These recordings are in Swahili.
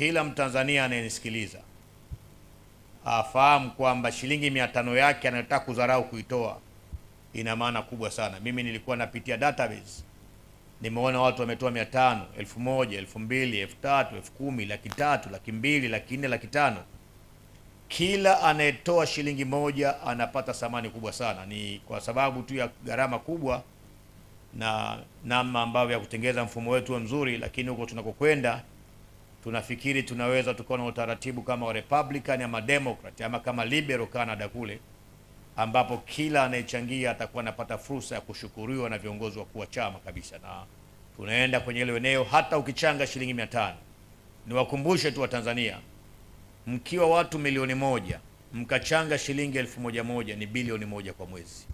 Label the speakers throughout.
Speaker 1: kila Mtanzania anayenisikiliza afahamu kwamba shilingi mia tano yake anayotaka kudharau kuitoa ina maana kubwa sana. Mimi nilikuwa napitia database, nimeona watu wametoa mia tano, elfu moja, elfu mbili, elfu tatu, elfu kumi, laki tatu, laki mbili, laki nne, laki tano. Kila anayetoa shilingi moja anapata thamani kubwa sana, ni kwa sababu tu ya gharama kubwa na namna ambavyo ya kutengeza mfumo wetu mzuri, lakini huko tunakokwenda tunafikiri tunaweza tukawa na utaratibu kama wa Republican ama Democrat ama kama liberal Canada kule, ambapo kila anayechangia atakuwa anapata fursa ya kushukuriwa na viongozi wa kuwa chama kabisa, na tunaenda kwenye ile eneo, hata ukichanga shilingi mia tano. Niwakumbushe tu Watanzania, mkiwa watu milioni moja mkachanga shilingi elfu moja moja ni bilioni moja kwa mwezi.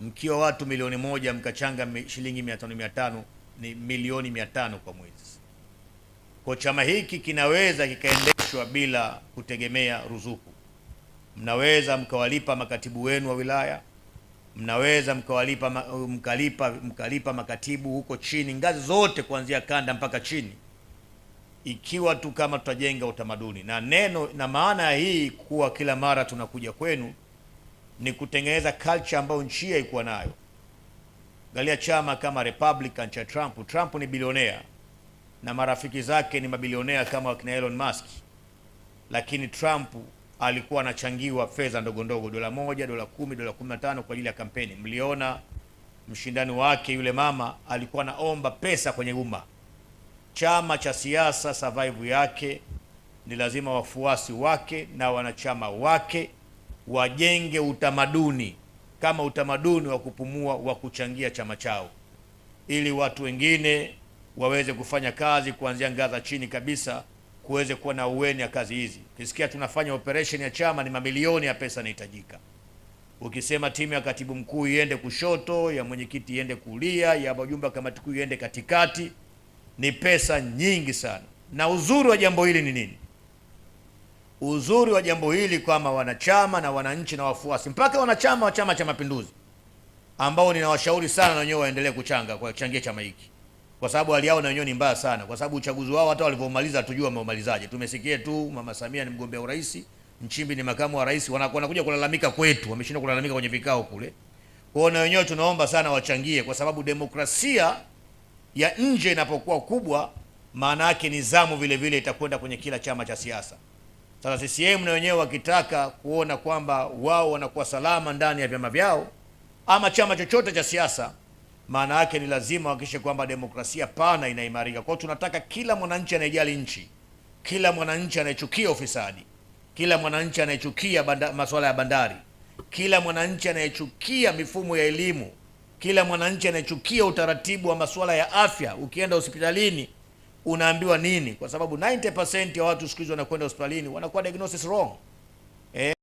Speaker 1: Mkiwa watu milioni moja mkachanga shilingi mia tano mia tano ni milioni mia tano kwa mwezi. Kwa chama hiki kinaweza kikaendeshwa bila kutegemea ruzuku. Mnaweza mkawalipa makatibu wenu wa wilaya, mnaweza mkawalipa mkalipa mkalipa makatibu huko chini, ngazi zote kuanzia kanda mpaka chini, ikiwa tu kama tutajenga utamaduni na neno na maana ya hii kuwa kila mara tunakuja kwenu ni kutengeneza culture ambayo nchi haikuwa nayo. galia chama kama Republican cha Trump. Trump ni bilionea na marafiki zake ni mabilionea kama wakina Elon Musk, lakini Trump alikuwa anachangiwa fedha ndogo ndogo, dola moja, dola kumi, dola kumi na tano kwa ajili ya kampeni. Mliona mshindani wake yule mama alikuwa anaomba pesa kwenye umma. Chama cha siasa survive yake ni lazima wafuasi wake na wanachama wake wajenge utamaduni kama utamaduni wa kupumua wa kuchangia chama chao, ili watu wengine waweze kufanya kazi kuanzia ngaza chini kabisa, kuweze kuwa na uweni ya kazi hizi. Ukisikia tunafanya operation ya chama, ni mamilioni ya pesa inahitajika. Ukisema timu ya katibu mkuu iende kushoto, ya mwenyekiti iende kulia, ya wajumbe wa kamati kuu iende katikati, ni pesa nyingi sana. Na uzuri wa jambo hili ni nini? Uzuri wa jambo hili kwamba wanachama na wananchi na wafuasi, mpaka wanachama wa Chama cha Mapinduzi ambao ninawashauri sana na wenyewe waendelee kuchanga kwa kuchangia chama hiki kwa sababu hali yao na wenyewe ni mbaya sana, kwa sababu uchaguzi wao hata walivyomaliza hatujui wameumalizaje. Tumesikia tu mama Samia ni mgombea urais, Nchimbi ni makamu wa rais, wanakuja kulalamika kwetu, wameshindwa kulalamika kwenye vikao kule. Kwa hiyo na wenyewe tunaomba sana wachangie, kwa sababu demokrasia ya nje inapokuwa kubwa, maana yake nizamu vile vile itakwenda kwenye kila chama cha siasa. Sasa CCM na wenyewe wakitaka kuona kwamba wao wanakuwa salama ndani ya vyama vyao ama chama chochote cha siasa maana yake ni lazima hakikishe kwamba demokrasia pana inaimarika. Kwa hiyo tunataka kila mwananchi anayejali nchi, kila mwananchi anayechukia ufisadi, kila mwananchi anayechukia masuala ya bandari, kila mwananchi anayechukia mifumo ya elimu, kila mwananchi anayechukia utaratibu wa masuala ya afya. Ukienda hospitalini unaambiwa nini? Kwa sababu 90% ya watu siku hizi wanakwenda hospitalini wanakuwa diagnosis wrong. Eh,